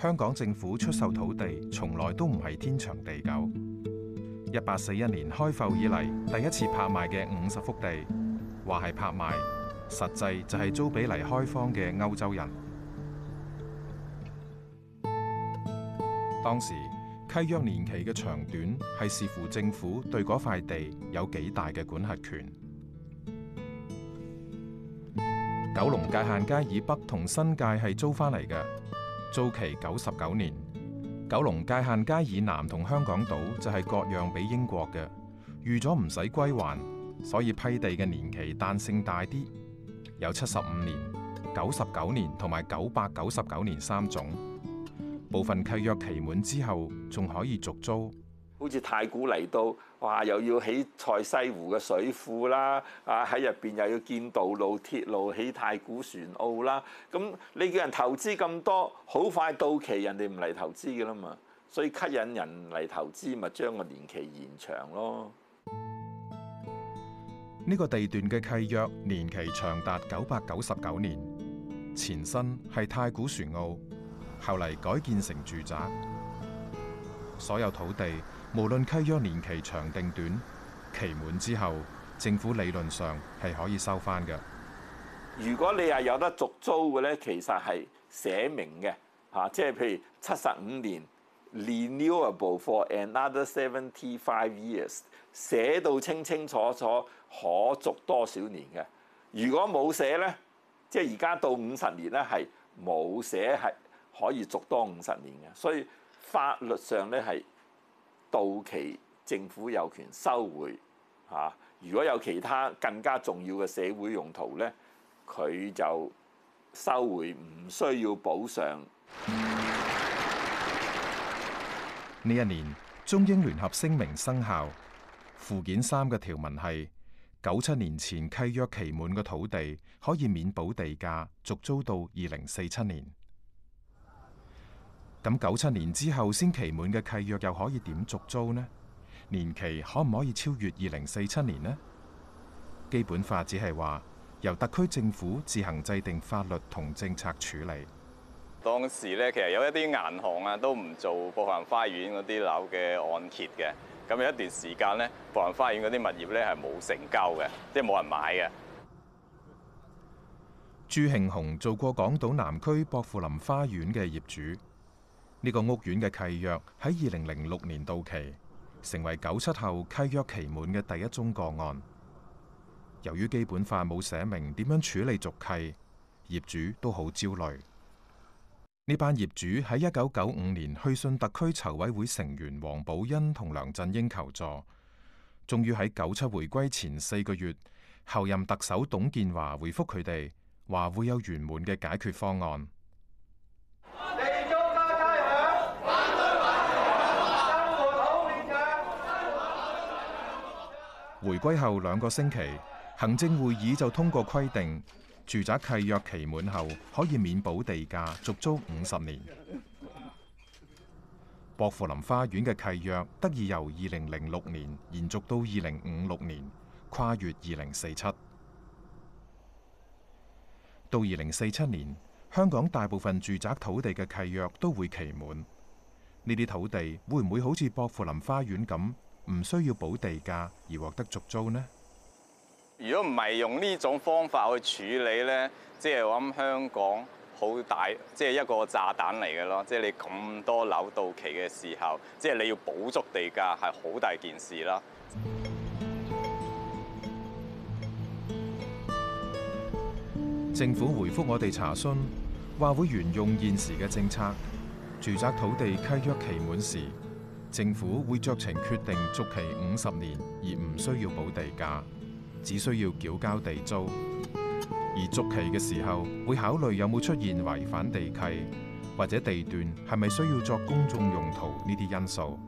香港政府出售土地，從來都唔係天長地久。一八四一年開埠以嚟，第一次拍賣嘅五十幅地，話係拍賣，實際就係租俾嚟開荒嘅歐洲人。當時契約年期嘅長短，係視乎政府對嗰塊地有幾大嘅管轄權。九龍界限街以北同新界係租翻嚟嘅。租期九十九年，九龍界限街以南同香港島就係割讓俾英國嘅，預咗唔使歸還，所以批地嘅年期彈性大啲，有七十五年、九十九年同埋九百九十九年三種，部分契約期滿之後仲可以續租。好似太古嚟到，哇又要起賽西湖嘅水庫啦，啊喺入邊又要建道路、鐵路，起太古船澳啦。咁你叫人投資咁多，好快到期，人哋唔嚟投資嘅啦嘛。所以吸引人嚟投資咪將個年期延長咯。呢個地段嘅契約年期長達九百九十九年，前身係太古船澳，後嚟改建成住宅，所有土地。無論契約年期長定短，期滿之後政府理論上係可以收翻嘅。如果你係有得續租嘅咧，其實係寫明嘅，嚇，即係譬如七十五年，renewable for another seventy five years，寫到清清楚楚，可續多少年嘅。如果冇寫咧，即係而家到五十年咧，係冇寫，係可以續多五十年嘅。所以法律上咧係。到期政府有權收回，吓，如果有其他更加重要嘅社會用途咧，佢就收回，唔需要補償。呢一年中英聯合聲明生效，附件三嘅條文係九七年前契約期滿嘅土地可以免補地價續租到二零四七年。咁九七年之後先期滿嘅契約又可以點續租呢？年期可唔可以超越二零四七年呢？基本法只係話由特區政府自行制定法律同政策處理。當時咧，其實有一啲銀行啊都唔做薄扶林花園嗰啲樓嘅按揭嘅。咁有一段時間呢，薄扶林花園嗰啲物業咧係冇成交嘅，即係冇人買嘅。朱慶雄做過港島南區薄扶林花園嘅業主。呢個屋苑嘅契約喺二零零六年到期，成為九七後契約期滿嘅第一宗個案。由於基本法冇寫明點樣處理續契，業主都好焦慮。呢班業主喺一九九五年去信特區籌委會成員黃保欣同梁振英求助，終於喺九七回歸前四個月，候任特首董建華回覆佢哋，話會有圓滿嘅解決方案。回歸後兩個星期，行政會議就通過規定，住宅契約期滿後可以免補地價續租五十年。薄扶林花園嘅契約得以由二零零六年延續到二零五六年，跨越二零四七。到二零四七年，香港大部分住宅土地嘅契約都會期滿，呢啲土地會唔會好似薄扶林花園咁？唔需要補地價而獲得續租呢？如果唔係用呢種方法去處理呢，即係我諗香港好大，即係一個炸彈嚟嘅咯。即係你咁多樓到期嘅時候，即係你要補足地價，係好大件事啦。政府回覆我哋查詢，話會沿用現時嘅政策，住宅土地契約期滿時，政府會酌情決定續期五十年，而唔需要補地價，只需要繳交地租。而續期嘅時候，會考慮有冇出現違反地契，或者地段係咪需要作公眾用途呢啲因素。